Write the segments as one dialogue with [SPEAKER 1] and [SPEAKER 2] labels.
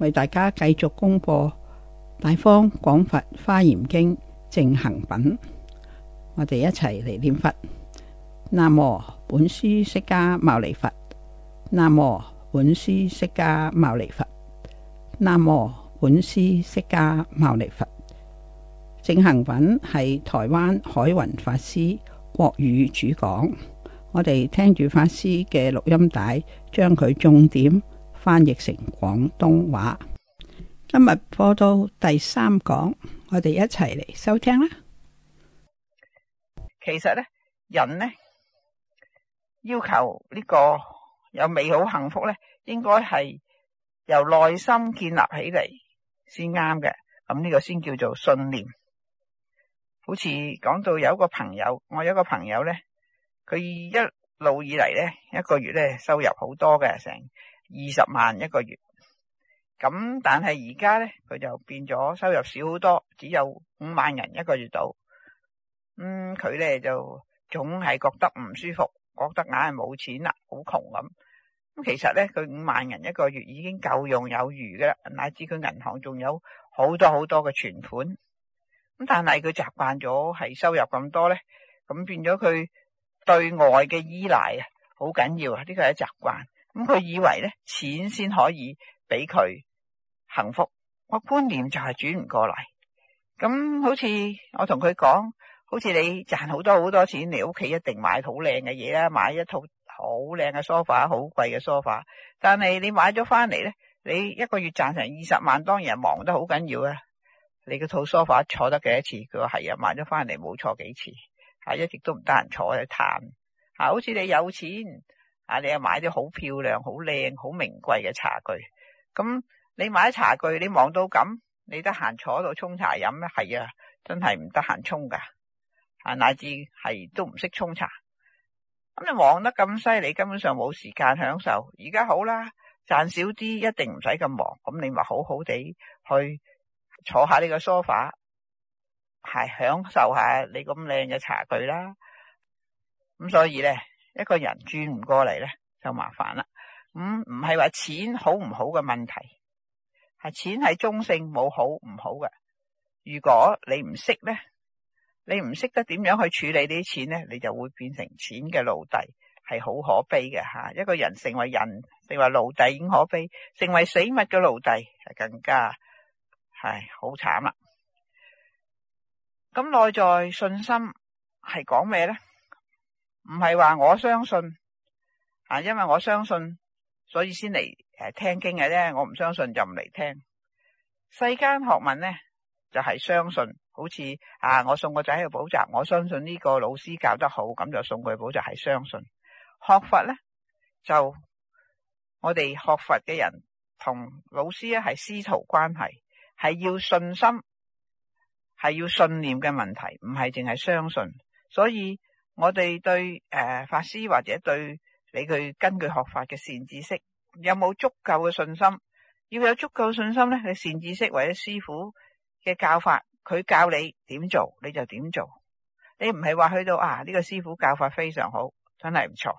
[SPEAKER 1] 為大家繼續公播《大方廣佛華嚴經正行品》，我哋一齊嚟念佛南無本師釋迦牟尼佛。南無本師釋迦牟尼佛。南無本師釋迦牟尼佛。正行品係台灣海雲法師國語主講，我哋聽住法師嘅錄音帶，將佢重點，翻譯成廣東話。今日播到第三講，我哋一齊嚟收聽啦。其實呢，人呢要求呢個有美好幸福呢，應該係由內心建立起嚟先啱嘅。咁呢個先叫做信念。好似講到有一個朋友，我有一個朋友呢，佢一路以嚟呢，一個月呢收入好多嘅成。二十萬一個月，咁但係而家咧佢就變咗收入少好多，只有五萬人一個月度。嗯，佢咧就總係覺得唔舒服，覺得硬係冇錢啦，好窮咁。咁其實咧佢五萬人一個月已經夠用有餘噶啦，乃至佢銀行仲有好多好多嘅存款。咁但係佢習慣咗係收入咁多咧，咁變咗佢對外嘅依賴啊，好緊要啊！呢個係習慣。咁佢以為咧，錢先可以俾佢幸福。我觀念就係轉唔過嚟。咁好似我同佢講，好似你賺好多好多錢，你屋企一定買好靚嘅嘢啦，買一套好靚嘅梳化，好貴嘅梳化。但係你買咗翻嚟咧，你一個月賺成二十萬，當然係忙得好緊要啊。你個套梳化坐得幾多次？佢話係啊，買咗翻嚟冇坐幾次，一直都唔得閒坐喺度。吓，好似你有錢。啊！你又買啲好漂亮、好靚、好名貴嘅茶具，咁你買茶具，你忙到咁，你得閒坐度沖茶飲咩？係啊，真係唔得閒沖噶，啊，乃至係都唔識沖茶，咁你忙得咁犀利，根本上冇時間享受。而家好啦，賺少啲，一定唔使咁忙，咁你咪好好地去坐下呢個梳化，係享受下你咁靚嘅茶具啦。咁所以咧，一個人轉唔過嚟呢，就麻煩啦。咁唔係話錢好唔好嘅問題，係錢係中性，冇好唔好嘅。如果你唔識呢，你唔識得點樣去處理呢啲錢呢，你就會變成錢嘅奴隸，係好可悲嘅吓。一個人成為人，成為奴隸已經可悲，成為死物嘅奴隸係更加係好慘啦。咁內在信心係講咩呢？唔係話我相信啊，因為我相信，所以先嚟誒聽經嘅啫。我唔相信就唔嚟聽。世間學問呢，就係相信，好似啊，我送個仔去補習，我相信呢個老師教得好，咁就送佢去補習，係相信。學佛呢，就我哋學佛嘅人同老師咧係師徒關係，係要信心，係要信念嘅問題，唔係淨係相信，所以。我哋對誒法師或者對你去根據學法嘅善知識有冇足夠嘅信心？要有足夠信心咧，善知識或者師父嘅教法，佢教你點做你就點做。你唔係話去到啊呢個師父教法非常好，真係唔錯。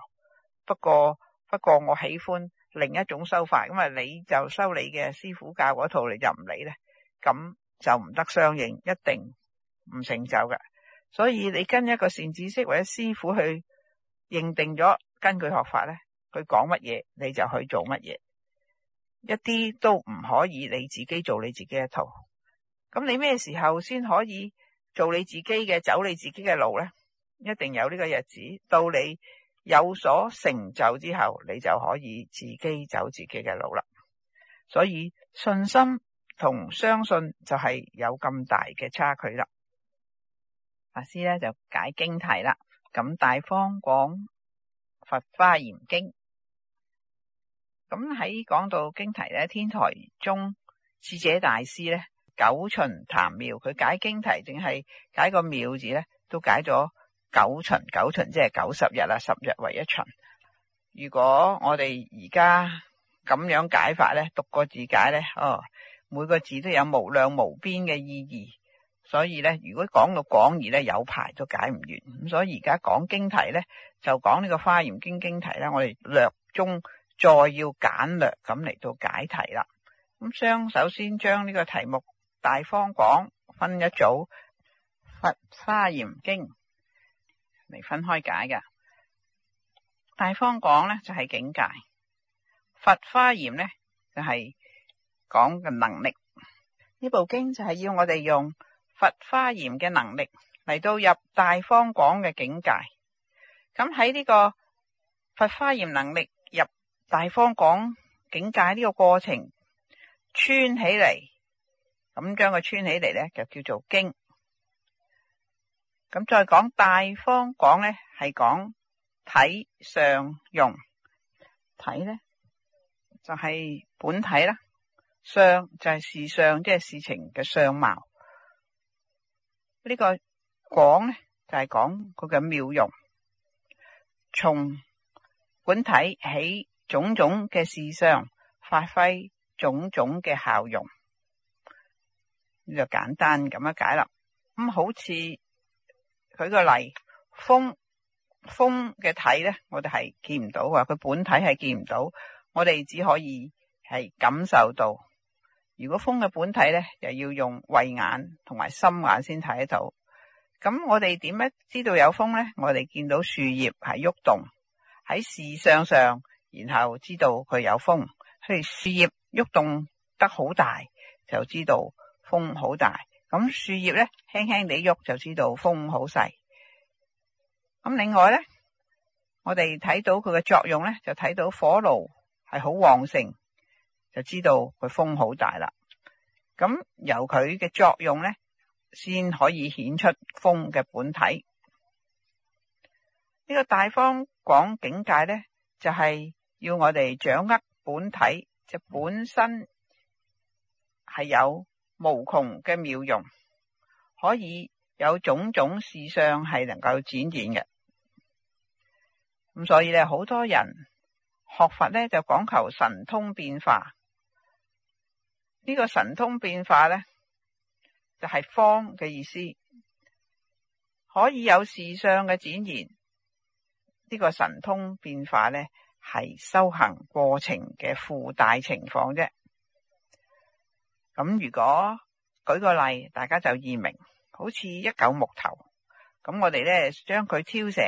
[SPEAKER 1] 不過不過我喜歡另一種修法，因為你就修你嘅師父教嗰套，你就唔理咧，咁就唔得相應，一定唔成就嘅。所以你跟一個善知識或者師父去認定咗，根據學法咧，佢講乜嘢你就去做乜嘢，一啲都唔可以你自己做你自己一套。咁你咩時候先可以做你自己嘅，走你自己嘅路呢？一定有呢個日子，到你有所成就之後，你就可以自己走自己嘅路啦。所以信心同相信就係有咁大嘅差距啦。大師咧就解經題啦，咁大方講《佛花嚴經》，咁喺講到經題咧，天台宗智者大師咧九旬談妙，佢解經題淨係解個妙字咧，都解咗九旬，九旬即係九十日啦，十日為一旬。如果我哋而家咁樣解法咧，讀個字解咧，哦，每個字都有無量無邊嘅意義。所以咧，如果講到廣義咧，有排都解唔完。咁所以而家講經題咧，就講呢個《華嚴經》經題啦。我哋略中再要簡略咁嚟到解題啦。咁將首先將呢個題目大方廣分一組《佛華嚴經》嚟分開解嘅。大方廣咧就係境界，《佛華嚴》咧就係講嘅能力。呢部經就係要我哋用。佛華嚴嘅能力嚟到入大方廣嘅境界，咁喺呢個佛華嚴能力入大方廣境界呢個過程穿起嚟，咁將佢穿起嚟咧就叫做經。咁再講大方廣咧，係講體相用，體咧就係、是、本體啦，相就係事相，即、就、係、是、事情嘅相貌。這個、呢個講咧，就係講佢嘅妙用，從本體起，種種嘅事相發揮種種嘅效用，就、這個、簡單咁樣解啦。咁好似舉個例，風風嘅體咧，我哋係見唔到啊，佢本體係見唔到，我哋只可以係感受到。如果風嘅本體咧，就要用慧眼同埋心眼先睇得到。咁我哋點樣知道有風咧？我哋見到樹葉係喐動喺樹梢上，然後知道佢有風。所以樹葉喐動得好大，就知道風好大。咁樹葉咧輕輕地喐，就知道風好細。咁另外咧，我哋睇到佢嘅作用咧，就睇到火爐係好旺盛。就知道佢風好大啦。咁由佢嘅作用呢，先可以顯出風嘅本體。呢、這個大方廣境界呢，就係、是、要我哋掌握本體，就是、本身係有無窮嘅妙用，可以有種種事相係能夠展現嘅。咁所以呢，好多人學佛呢，就講求神通變化。呢、這個神通變化呢，就係、是、方嘅意思，可以有事相嘅展現。呢、這個神通變化呢，係修行過程嘅附帶情況啫。咁如果舉個例，大家就易明，好似一嚿木頭，咁我哋呢將佢挑成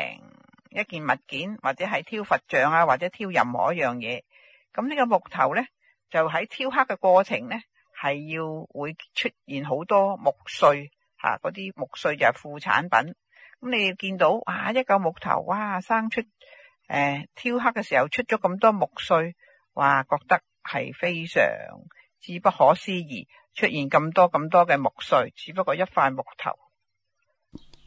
[SPEAKER 1] 一件物件，或者係挑佛像啊，或者挑任何一樣嘢，咁呢個木頭呢。就喺雕刻嘅過程咧，係要會出現好多木碎，嗰啲木碎就係副產品。咁你見到哇，一嚿木頭哇，生出、欸、雕刻嘅時候出咗咁多木碎，哇，覺得係非常之不可思議，出現咁多咁多嘅木碎，只不過一塊木頭。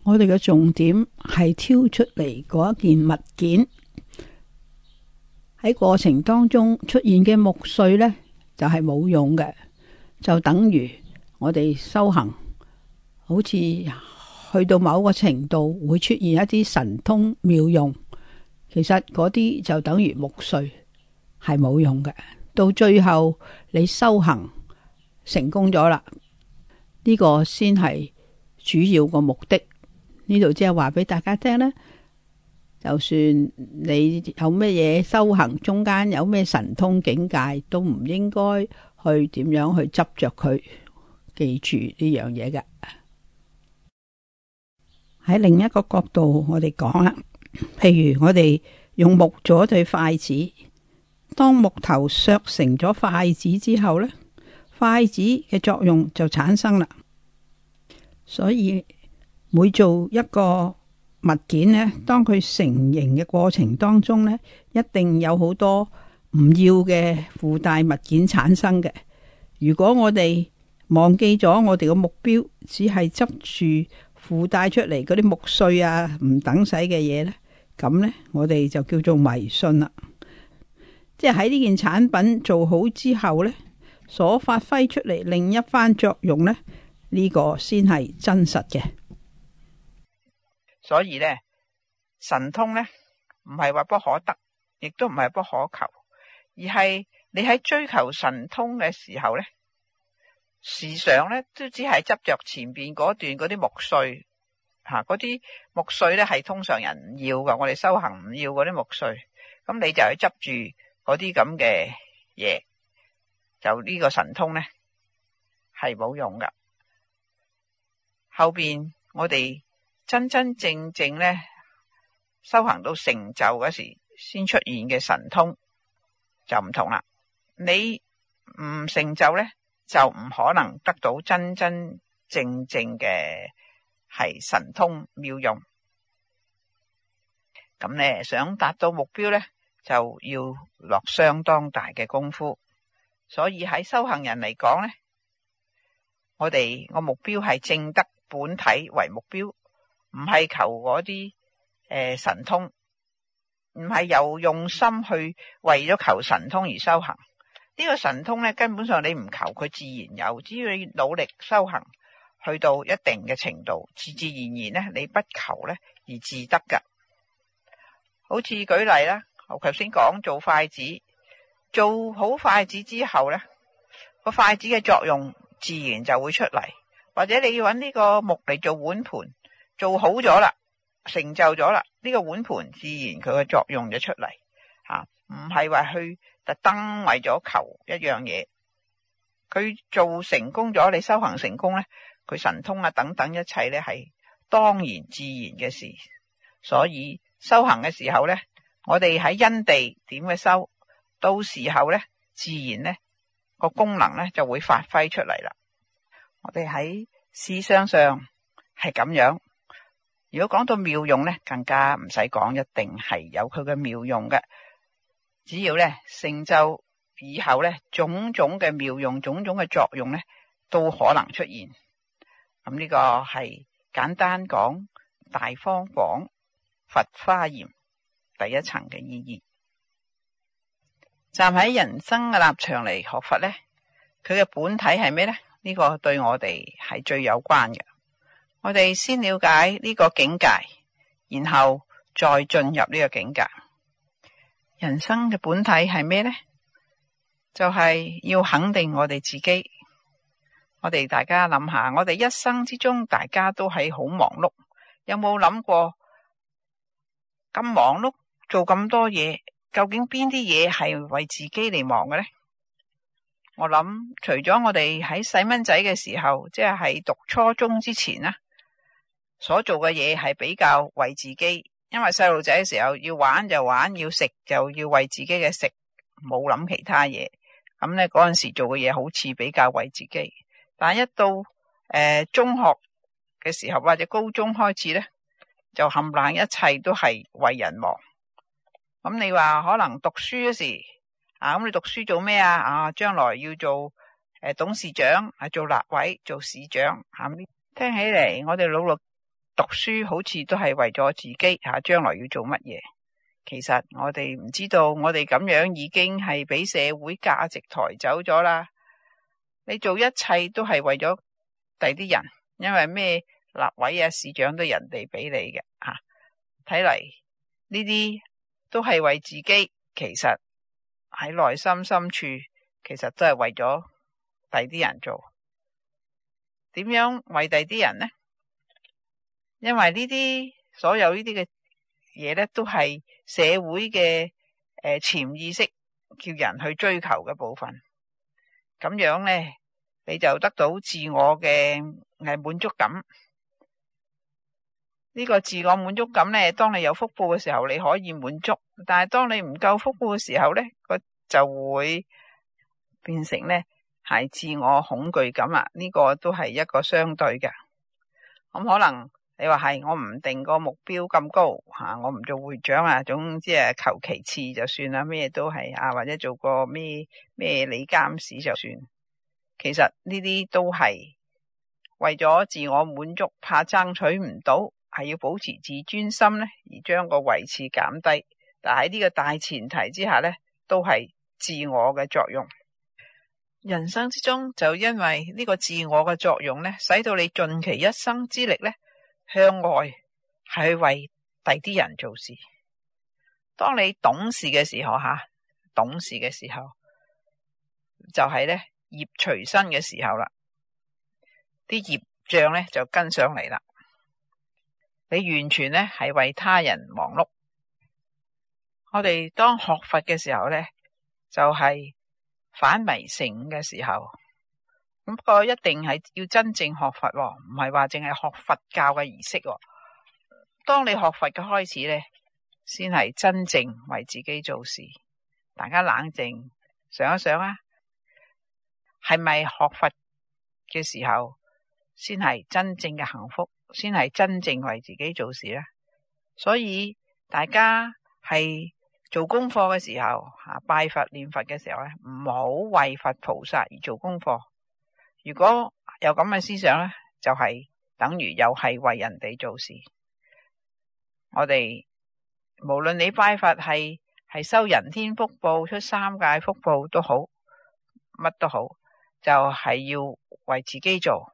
[SPEAKER 1] 我哋嘅重點係挑出嚟嗰件物件。喺過程當中出現嘅木碎呢，就係冇用嘅，就等於我哋修行，好似去到某個程度會出現一啲神通妙用，其實嗰啲就等於木碎，係冇用嘅。到最後你修行成功咗啦，呢個先係主要個目的。呢度即係話俾大家聽咧。就算你有乜嘢修行，中間有咩神通境界，都唔應該去點樣去執着佢，記住呢樣嘢嘅。喺另一個角度，我哋講啦，譬如我哋用木做對筷子，當木頭削成咗筷子之後呢，筷子嘅作用就產生啦。所以每做一個。物件呢，當佢成形嘅過程當中呢，一定有好多唔要嘅附帶物件產生嘅。如果我哋忘記咗我哋嘅目標，只係執住附帶出嚟嗰啲木碎啊、唔等使嘅嘢呢，咁呢，我哋就叫做迷信啦。即係喺呢件產品做好之後呢，所發揮出嚟另一番作用呢，呢個先係真實嘅。所以咧，神通咧，唔係話不可得，亦都唔係不可求，而係你喺追求神通嘅時候咧，時常咧都只係執着前邊嗰段嗰啲木碎，吓，嗰啲木碎咧係通常人唔要噶，我哋修行唔要嗰啲木碎，咁你就去執住嗰啲咁嘅嘢，就呢個神通咧係冇用噶，後邊我哋。真真正正咧，修行到成就嗰時，先出現嘅神通就唔同啦。你唔成就咧，就唔可能得到真真正正嘅係神通妙用。咁咧你想達到目標咧，就要落相當大嘅功夫。所以喺修行人嚟講咧，我哋個目標係正得本體為目標。唔係求嗰啲誒神通，唔係又用心去為咗求神通而修行。呢個神通咧，根本上你唔求佢自然有，只要你努力修行，去到一定嘅程度，自自然然咧，你不求咧而自得噶。好似舉例啦，我頭先講做筷子，做好筷子之後咧，個筷子嘅作用自然就會出嚟。或者你要搵呢個木嚟做碗盤。做好咗啦，成就咗啦，呢個碗盤自然佢個作用就出嚟，吓，唔係話去特登，為咗求一樣嘢。佢做成功咗，你修行成功咧，佢神通啊等等一切咧係當然自然嘅事。所以修行嘅時候咧，我哋喺因地點嘅修，到時候咧自然咧個功能咧就會發揮出嚟啦。我哋喺思想上係咁樣。如果講到妙用咧，更加唔使講，一定係有佢嘅妙用嘅。只要咧成就以後咧，種種嘅妙用、種種嘅作用咧，都可能出現。咁、嗯、呢、這個係簡單講、大方講、佛華嚴第一層嘅意義。站喺人生嘅立場嚟學佛咧，佢嘅本體係咩咧？呢、這個對我哋係最有關嘅。我哋先了解呢個境界，然後再進入呢個境界。人生嘅本體係咩呢？就係要肯定我哋自己。我哋大家諗下，我哋一生之中，大家都係好忙碌，有冇諗過咁忙碌做咁多嘢，究竟邊啲嘢係為自己嚟忙嘅呢？我諗，除咗我哋喺細蚊仔嘅時候，即係讀初中之前啦。所做嘅嘢係比較為自己，因為細路仔嘅時候要玩就玩，要食就要為自己嘅食，冇諗其他嘢。咁咧嗰陣時做嘅嘢好似比較為自己，但一到誒中學嘅時候或者高中開始咧，就冚冷一切都係為人忙。咁你話可能讀書嗰時啊，咁你讀書做咩啊？啊，將來要做董事長，做立委、做市長，下聽起嚟我哋老六。讀書好似都係為咗自己吓，將來要做乜嘢？其實我哋唔知道，我哋咁樣已經係俾社會價值抬走咗啦。你做一切都係為咗第啲人，因為咩立委啊、市長都人哋俾你嘅吓。睇嚟呢啲都係為自己，其實喺內心深處，其實都係為咗第啲人做。點樣為第啲人呢？因為呢啲所有呢啲嘅嘢咧，都係社會嘅，誒潛意識叫人去追求嘅部分。咁樣咧，你就得到自我嘅誒滿足感。呢個自我滿足感咧，當你有福報嘅時候，你可以滿足；但係當你唔夠福報嘅時候咧，佢就會變成咧係自我恐懼感啊。呢個都係一個相對嘅咁可能。你話係我唔定個目標咁高吓，啊，我唔做會長啊，總之係求其次就算啦。咩都係啊，或者做個咩咩理監事就算。其實呢啲都係為咗自我滿足，怕爭取唔到，係要保持自尊心咧，而將個位置減低。但喺呢個大前提之下咧，都係自我嘅作用。人生之中就因為呢個自我嘅作用咧，使到你盡其一生之力咧。向外係去為第啲人做事。當你懂事嘅時候，吓，懂事嘅時候就係咧業隨身嘅時候啦，啲業障咧就跟上嚟啦。你完全咧係為他人忙碌。我哋當學佛嘅時候咧，就係反迷成嘅時候。就是咁不過一定係要真正學佛，唔係話淨係學佛教嘅儀式。當你學佛嘅開始咧，先係真正為自己做事。大家冷靜想一想啊，係咪學佛嘅時候先係真正嘅幸福，先係真正為自己做事咧？所以大家係做功課嘅時候啊，拜佛念佛嘅時候咧，唔好為佛菩薩而做功課。如果有咁嘅思想咧，就係等於又係為人哋做事。我哋無論你拜佛係係修人天福報、出三界福報都好，乜都好，就係要為自己做。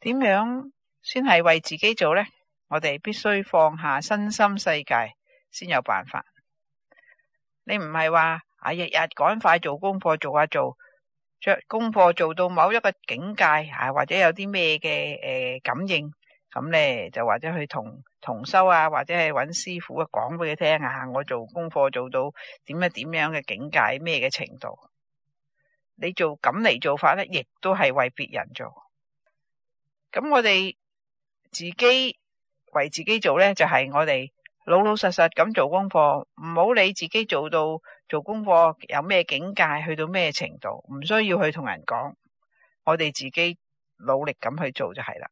[SPEAKER 1] 點樣先係為自己做咧？我哋必須放下身心世界，先有辦法。你唔係話啊，日日趕快做功課做下做，着功課做到某一個境界啊，或者有啲咩嘅誒感應，咁咧就或者去同同修啊，或者係揾師傅啊講俾佢聽啊，我做功課做到點樣點樣嘅境界咩嘅程度，你做咁嚟做法咧亦都係為別人做，咁我哋自己為自己做咧就係、是、我哋。老老實實咁做功課，唔好理自己做到做功課有咩境界，去到咩程度，唔需要去同人講。我哋自己努力咁去做就係啦，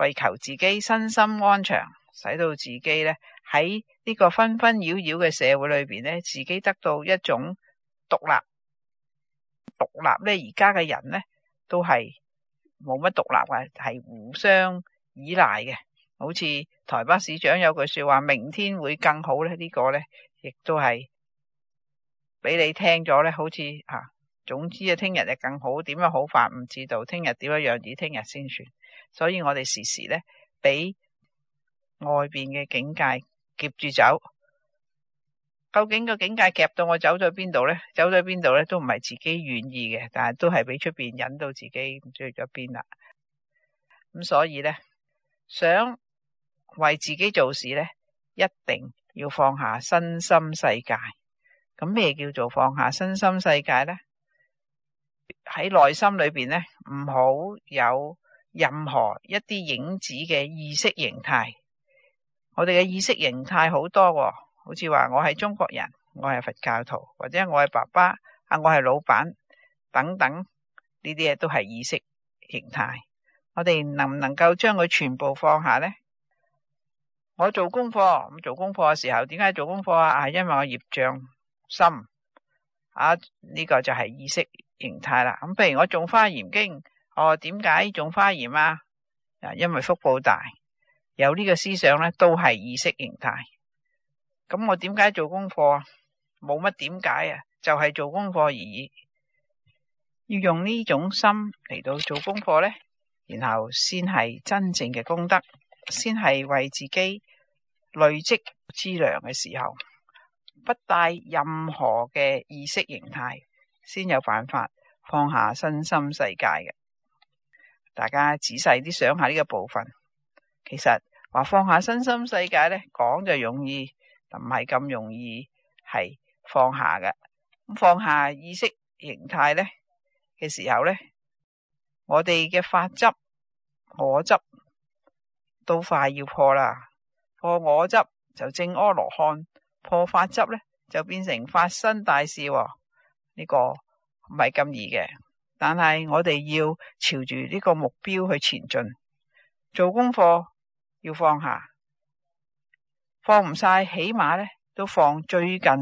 [SPEAKER 1] 為求自己身心安詳，使到自己咧喺呢個紛紛擾擾嘅社會裏邊咧，自己得到一種獨立。獨立咧，而家嘅人咧都係冇乜獨立啊，係互相依賴嘅。好似台北市長有句說話，明天會更好咧，這個，呢個咧亦都係俾你聽咗咧，好似啊，總之啊，聽日就更好，點樣好法唔知道，聽日點樣樣子，聽日先算。所以我哋時時咧俾外邊嘅警戒，夾住走，究竟個警戒夾到我走咗邊度咧？走咗邊度咧都唔係自己願意嘅，但係都係俾出邊引到自己唔知去咗邊啦。咁所以咧想。為自己做事呢，一定要放下身心世界。咁咩叫做放下身心世界呢？喺內心裏邊呢，唔好有任何一啲影子嘅意識形態。我哋嘅意識形態好多，好似話我係中國人，我係佛教徒，或者我係爸爸啊，我係老闆等等，呢啲嘢都係意識形態。我哋能唔能夠將佢全部放下呢？我做功課，咁做功課嘅時候，點解做功課啊？係因為我業障深啊，呢個就係意識形態啦。咁譬如我誦花嚴經，哦，點解誦花嚴啊？啊，因為福報大，有呢個思想咧，都係意識形態。咁我點解做功課啊？冇乜點解啊，就係做功課而已。要用呢種心嚟到做功課咧，然後先係真正嘅功德。先係為自己累積資糧嘅時候，不帶任何嘅意識形態，先有辦法放下身心世界嘅。大家仔細啲想下呢個部分，其實話放下身心世界咧，講就容易，但唔係咁容易係放下嘅。咁放下意識形態咧嘅時候咧，我哋嘅法執、我執。都快要破啦，破我執就正阿羅漢，破法執咧就變成法身大事。呢、呢個唔係咁易嘅，但係我哋要朝住呢個目標去前進。做功課要放下，放唔晒起碼咧都放最近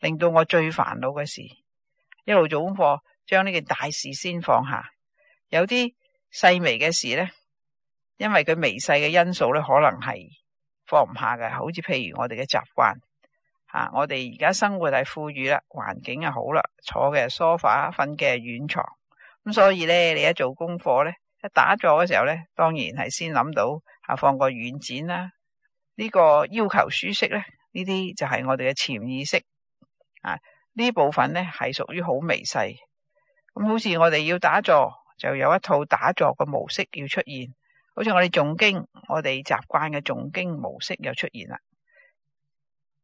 [SPEAKER 1] 令到我最煩惱嘅事，一路做功課將呢件大事先放下。有啲細微嘅事咧。因為佢微細嘅因素咧，可能係放唔下嘅。好似譬如我哋嘅習慣吓，我哋而家生活係富裕啦，環境又好啦，坐嘅係梳化，瞓嘅係軟床咁，所以咧你一做功課咧一打坐嘅時候咧，當然係先諗到吓放個軟墊啦。呢個要求舒適咧，呢啲就係我哋嘅潛意識啊。呢部分咧，係屬於好微細咁，好似我哋要打坐就有一套打坐嘅模式要出現。好似我哋誦經，我哋習慣嘅誦經模式又出現啦。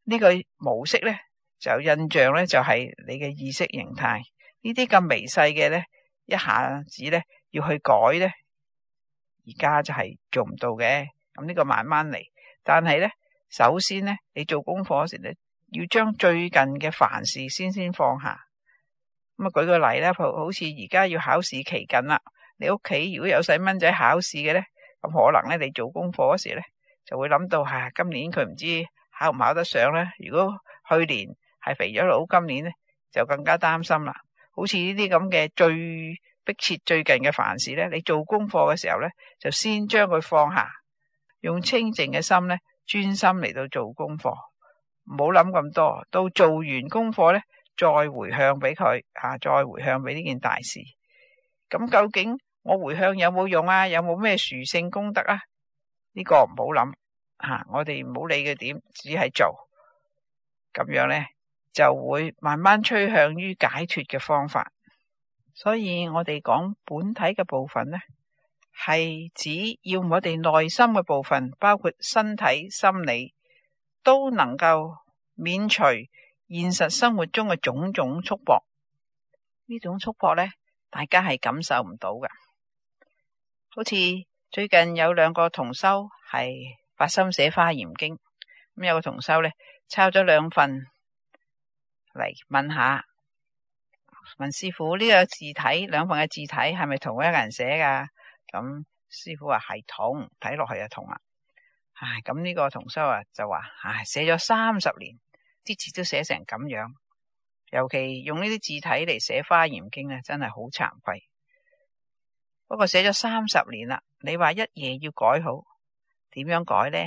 [SPEAKER 1] 呢個模式咧，就印象咧，就係你嘅意識形態。呢啲咁微細嘅咧，一下子咧要去改咧，而家就係做唔到嘅。咁呢個慢慢嚟。但係咧，首先咧，你做功課嗰時咧，要將最近嘅凡事先先放下。咁啊，舉個例啦，好似而家要考試期緊啦，你屋企如果有細蚊仔考試嘅咧。咁可能咧，你做功課嗰時咧，就會諗到，唉、啊，今年佢唔知考唔考得上咧。如果去年係肥咗佬，今年咧就更加擔心啦。好似呢啲咁嘅最迫切、最近嘅凡事咧，你做功課嘅時候咧，就先將佢放下，用清靜嘅心咧，專心嚟到做功課，唔好諗咁多。到做完功課咧，再回向俾佢，嚇、啊，再回向俾呢件大事。咁究竟，我回向有冇用啊？有冇咩殊勝功德啊？呢個唔好諗吓，我哋唔好理佢點，只係做咁樣咧，就會慢慢趨向於解脱嘅方法。所以我哋講本體嘅部分咧，係指要我哋內心嘅部分，包括身體、心理都能夠免除現實生活中嘅種種束縛。呢種束縛咧，大家係感受唔到嘅。好似最近有兩個同修係發心寫《花嚴經》，咁有個同修咧抄咗兩份嚟，問下，問師傅呢個字體，兩份嘅字體係咪同一個人寫噶？咁師傅話係同，睇落去就同啦。唉，咁呢個同修啊就話唉，寫咗三十年，啲字都寫成咁樣，尤其用呢啲字體嚟寫《花嚴經》咧，真係好慚愧。不過寫咗三十年啦，你話一夜要改好，點樣改呢？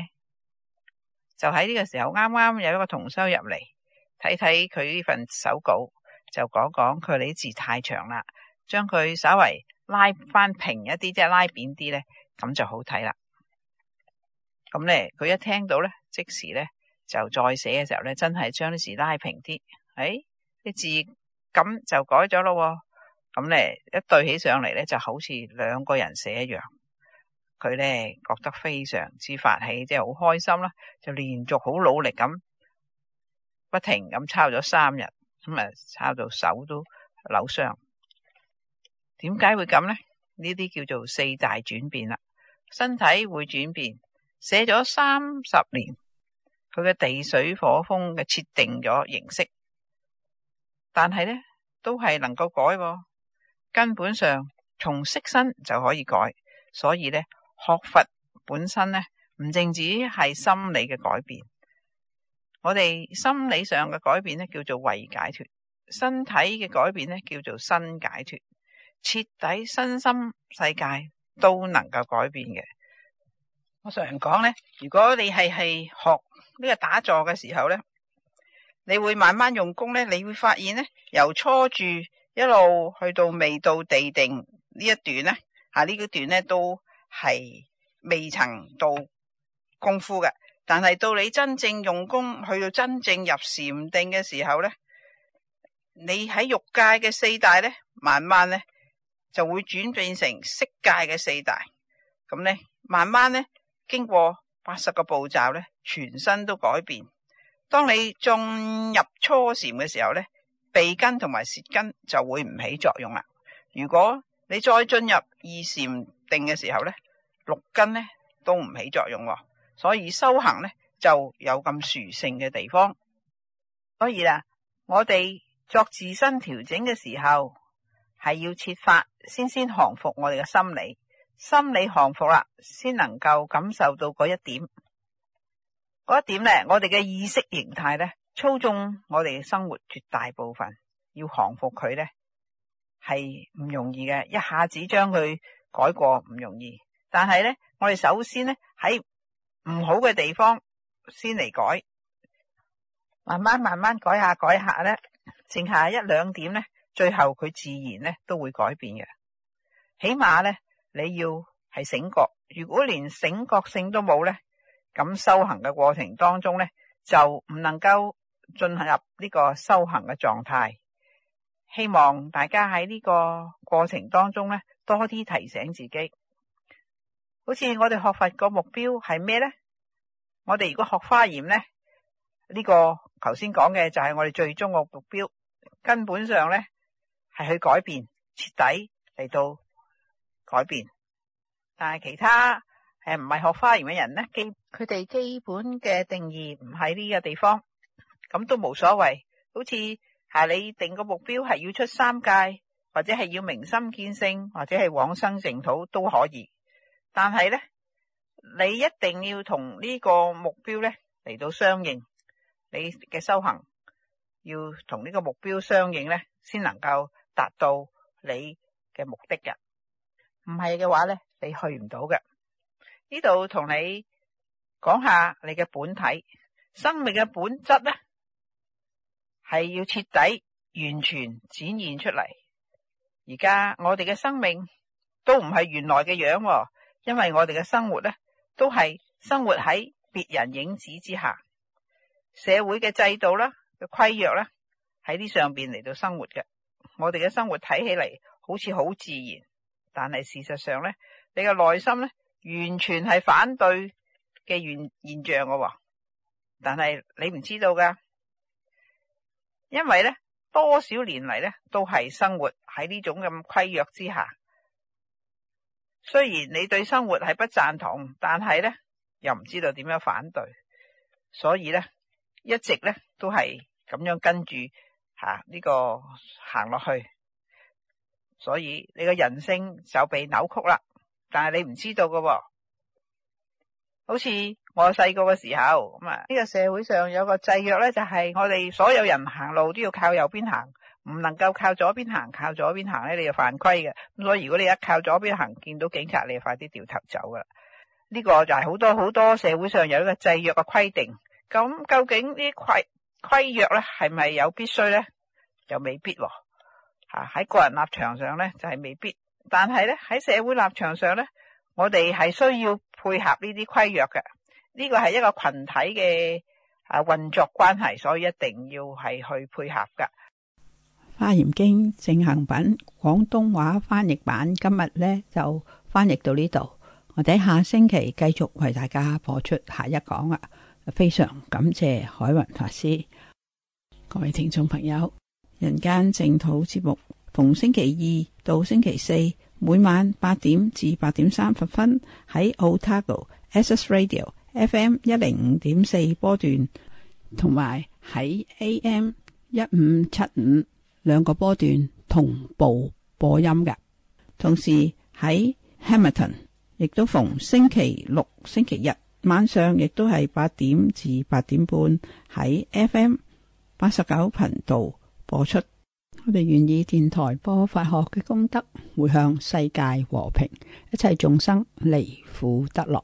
[SPEAKER 1] 就喺呢個時候，啱啱有一個同修入嚟，睇睇佢呢份手稿，就講講佢啲字太長啦，將佢稍為拉翻平一啲，即係拉扁啲咧，咁就好睇啦。咁咧，佢一聽到咧，即時咧就再寫嘅時候咧，真係將啲字拉平啲，哎，啲字咁就改咗咯、啊。咁咧，一對起上嚟咧，就好似兩個人寫一樣。佢咧覺得非常之發氣，即係好開心啦，就連續好努力咁，不停咁抄咗三日，咁啊抄到手都扭傷。點解會咁呢？呢啲叫做四大轉變啦，身體會轉變，寫咗三十年，佢嘅地水火風嘅設定咗形式，但係咧都係能夠改。根本上，從色身就可以改，所以咧，學佛本身咧唔淨止係心理嘅改變，我哋心理上嘅改變咧叫做慧解脱，身體嘅改變咧叫做身解脱，徹底身心世界都能夠改變嘅。我常講咧，如果你係係學呢個打坐嘅時候咧，你會慢慢用功咧，你會發現咧由初住。一路去到未到地定呢一段，這個段呢，吓呢個段呢都係未曾到功夫嘅。但係到你真正用功，去到真正入禪定嘅時候呢，你喺欲界嘅四大呢，慢慢呢就會轉變成色界嘅四大。咁呢，慢慢呢經過八十個步驟呢，全身都改變。當你進入初禪嘅時候呢，鼻根同埋舌根就會唔起作用啦。如果你再進入二禪定嘅時候咧，六根咧都唔起作用，所以修行咧就有咁殊勝嘅地方。所以啦，我哋作自身調整嘅時候，係要設法先先降服我哋嘅心理，心理降服啦，先能夠感受到嗰一點。嗰一點咧，我哋嘅意識形態咧。操縱我哋嘅生活，絕大部分要降服佢咧，係唔容易嘅。一下子將佢改過唔容易，但係咧，我哋首先咧喺唔好嘅地方先嚟改，慢慢慢慢改下改下咧，剩下一兩點咧，最後佢自然咧都會改變嘅。起碼咧，你要係醒覺，如果連醒覺性都冇咧，咁修行嘅過程當中咧，就唔能夠。進入呢個修行嘅狀態，希望大家喺呢個過程當中咧多啲提醒自己。好似我哋學佛個目標係咩咧？我哋如果學花嚴咧，呢個頭先講嘅就係我哋最終個目標。根本上咧係去改變，徹底嚟到改變。但係其他誒唔係學花嚴嘅人咧，基佢哋基本嘅定義唔喺呢個地方。咁都冇所謂，好似係你定個目標係要出三界，或者係要明心見性，或者係往生淨土都可以。但係咧，你一定要同呢個目標咧嚟到相應，你嘅修行要同呢個目標相應咧，先能夠達到你嘅目的嘅。唔係嘅話咧，你去唔到嘅。呢度同你講下你嘅本體、生命嘅本質咧。係要徹底、完全展現出嚟。而家我哋嘅生命都唔係原來嘅樣，因為我哋嘅生活咧都係生活喺別人影子之下，社會嘅制度啦、嘅規約啦，喺呢上邊嚟到生活嘅。我哋嘅生活睇起嚟好似好自然，但係事實上咧，你嘅內心咧完全係反對嘅現現象噶。但係你唔知道噶。因為咧，多少年嚟咧都係生活喺呢種咁規約之下。雖然你對生活係不贊同，但係咧又唔知道點樣反對，所以咧一直咧都係咁樣跟住吓呢個行落去。所以你嘅人性就被扭曲啦。但係你唔知道嘅喎、哦，好似。我細個嘅時候咁啊，呢個社會上有個制約咧，就係我哋所有人行路都要靠右邊行，唔能夠靠左邊行。靠左邊行咧，你就犯規嘅。咁所以如果你一靠左邊行，見到警察，你就快啲掉頭走噶啦。呢個就係好多好多社會上有一個制約嘅規定。咁究竟呢啲規規約咧係咪有必須咧？又未必吓喺個人立場上咧，就係未必。但係咧喺社會立場上咧，我哋係需要配合呢啲規約嘅。呢個係一個群體嘅誒運作關係，所以一定要係去配合噶。《華嚴經淨行品》廣東話翻譯版，今日呢就翻譯到呢度，我哋下星期繼續為大家播出下一講啦。非常感謝海雲法師，各位聽眾朋友，《人間淨土》節目逢星期二到星期四每晚八點至八點三十分喺 Otago Access Radio。F.M. 一零五點四波段，同埋喺 A.M. 一五七五兩個波段同步播音嘅。同時喺 Hamilton，亦都逢星期六、星期日晚上，亦都係八點至八點半喺 F.M. 八十九頻道播出。我哋願意電台播法學嘅功德，回向世界和平，一切眾生離苦得樂。